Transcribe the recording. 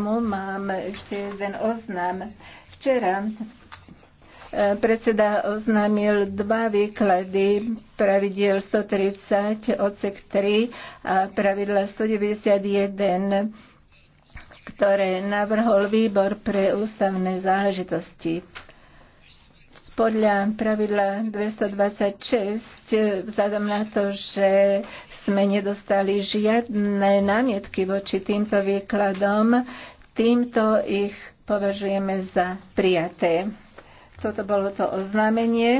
programu mám ešte jeden oznam. Včera e, predseda oznámil dva výklady pravidiel 130 odsek 3 a pravidla 191, ktoré navrhol výbor pre ústavné záležitosti podľa pravidla 226, vzhľadom na to, že sme nedostali žiadne námietky voči týmto výkladom, týmto ich považujeme za prijaté. Toto bolo to oznámenie.